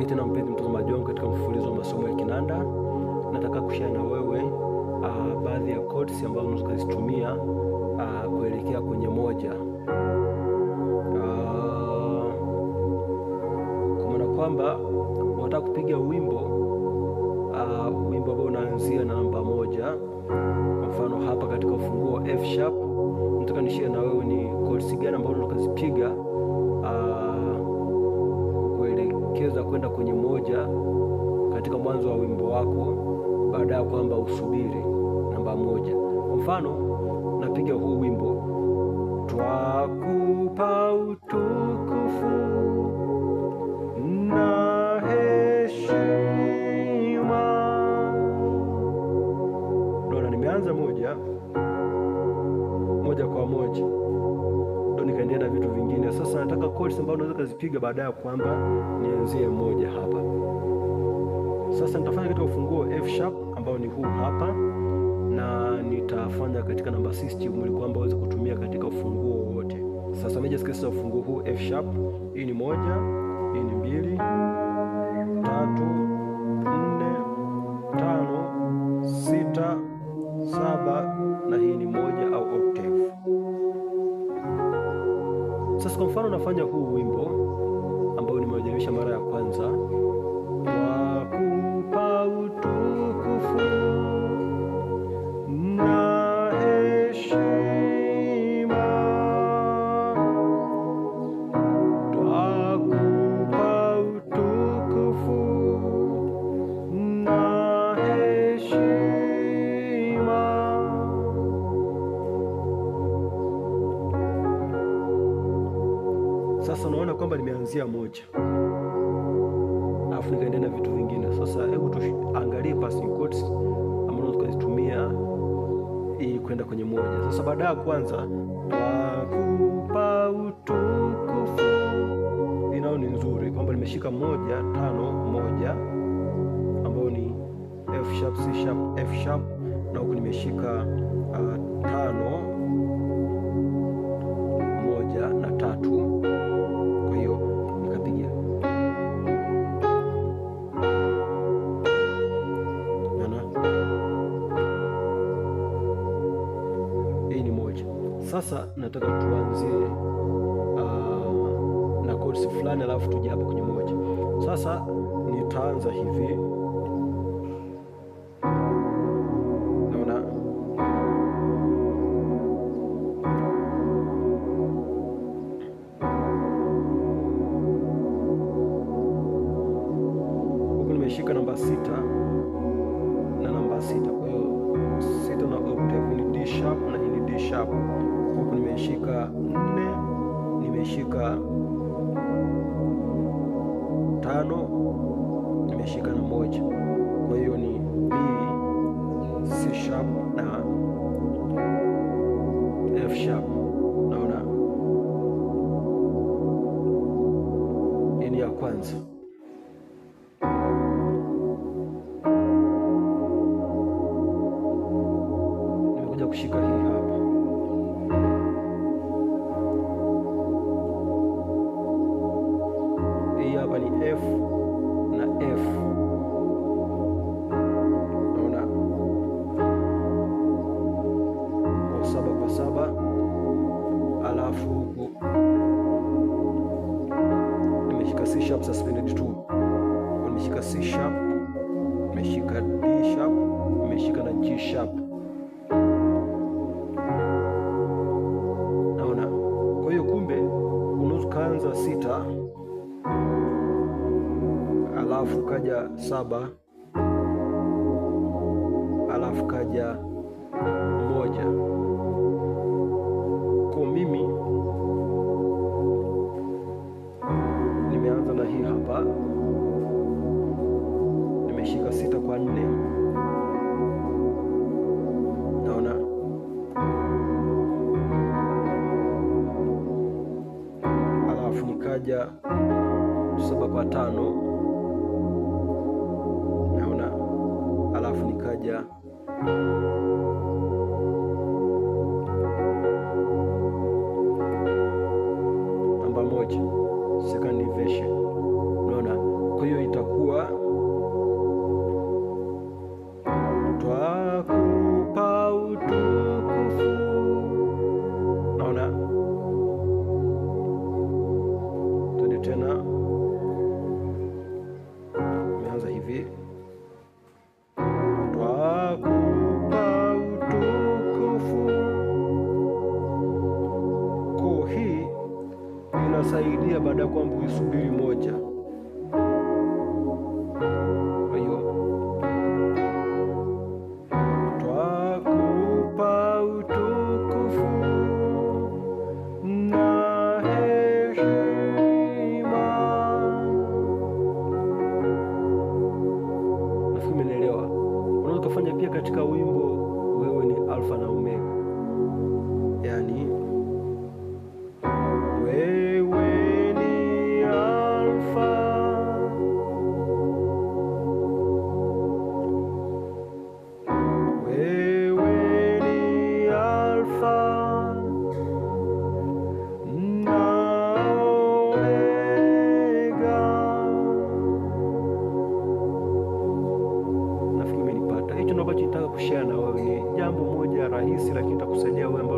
Karibu tena mpenzi mtazamaji wangu katika mfululizo wa masomo ya kinanda. Nataka kushare na wewe uh, baadhi ya chords ambazo unaweza kuzitumia uh, kuelekea kwenye moja uh, kwa maana kwamba unataka kupiga wimbo uh, wimbo ambao unaanzia na namba moja. Kwa mfano hapa katika ufunguo F sharp, nataka nishare na wewe ni chords gani ambazo unaweza kuzipiga uh, unaweza kwenda kwenye moja katika mwanzo wa wimbo wako, baada ya kwamba usubiri namba moja. Kwa mfano, napiga huu wimbo twakupa utukufu na heshima. Dona, nimeanza moja moja kwa moja nikaendelea na vitu vingine. Sasa nataka calls ambazo naweza kuzipiga baadaye kwamba nianzie moja hapa. Sasa nitafanya katika ufunguo F sharp ambao ni huu hapa na nitafanya katika namba system ili kwamba uweze kutumia katika ufunguo wote. Sasa major scales za ufunguo huu F sharp, hii ni moja, hii ni mbili, tatu, nne unafanya huu wimbo ambao nimewajaribisha mara ya kwanza Sasa unaona kwamba nimeanzia moja alafu nikaendelea na vitu vingine. Sasa hebu tuangalie passing chords ambazo tukazitumia ili kwenda kwenye moja. Sasa baada ya kwanza twakupa utukufu, inao ni nzuri kwamba nimeshika moja tano moja ambayo ni F sharp, C sharp, F sharp na huku nimeshika uh, tano Sasa nataka tuanzie uh, na chords fulani alafu tuje hapo kwenye moja. Sasa nitaanza hivi, naona huku nimeshika namba sita na namba sita, kwa hiyo sita na octave ni D sharp na ni D sharp nimeshika nne, nimeshika tano, nimeshika na moja. Kwa hiyo ni B C sharp na hapa ni F na F. Naona kwa saba kwa saba, alafu huku nimeshika C sharp suspended 2, nimeshika C sharp, nimeshika D sharp, nimeshika na G sharp. Naona, kwa hiyo kumbe unaweza kuanza sita alafu kaja saba, alafu kaja moja. Kwa mimi nimeanza na hii hapa, nimeshika sita kwa nne, naona alafu saba kwa tano Yeah. kila lakini itakusaidia wewe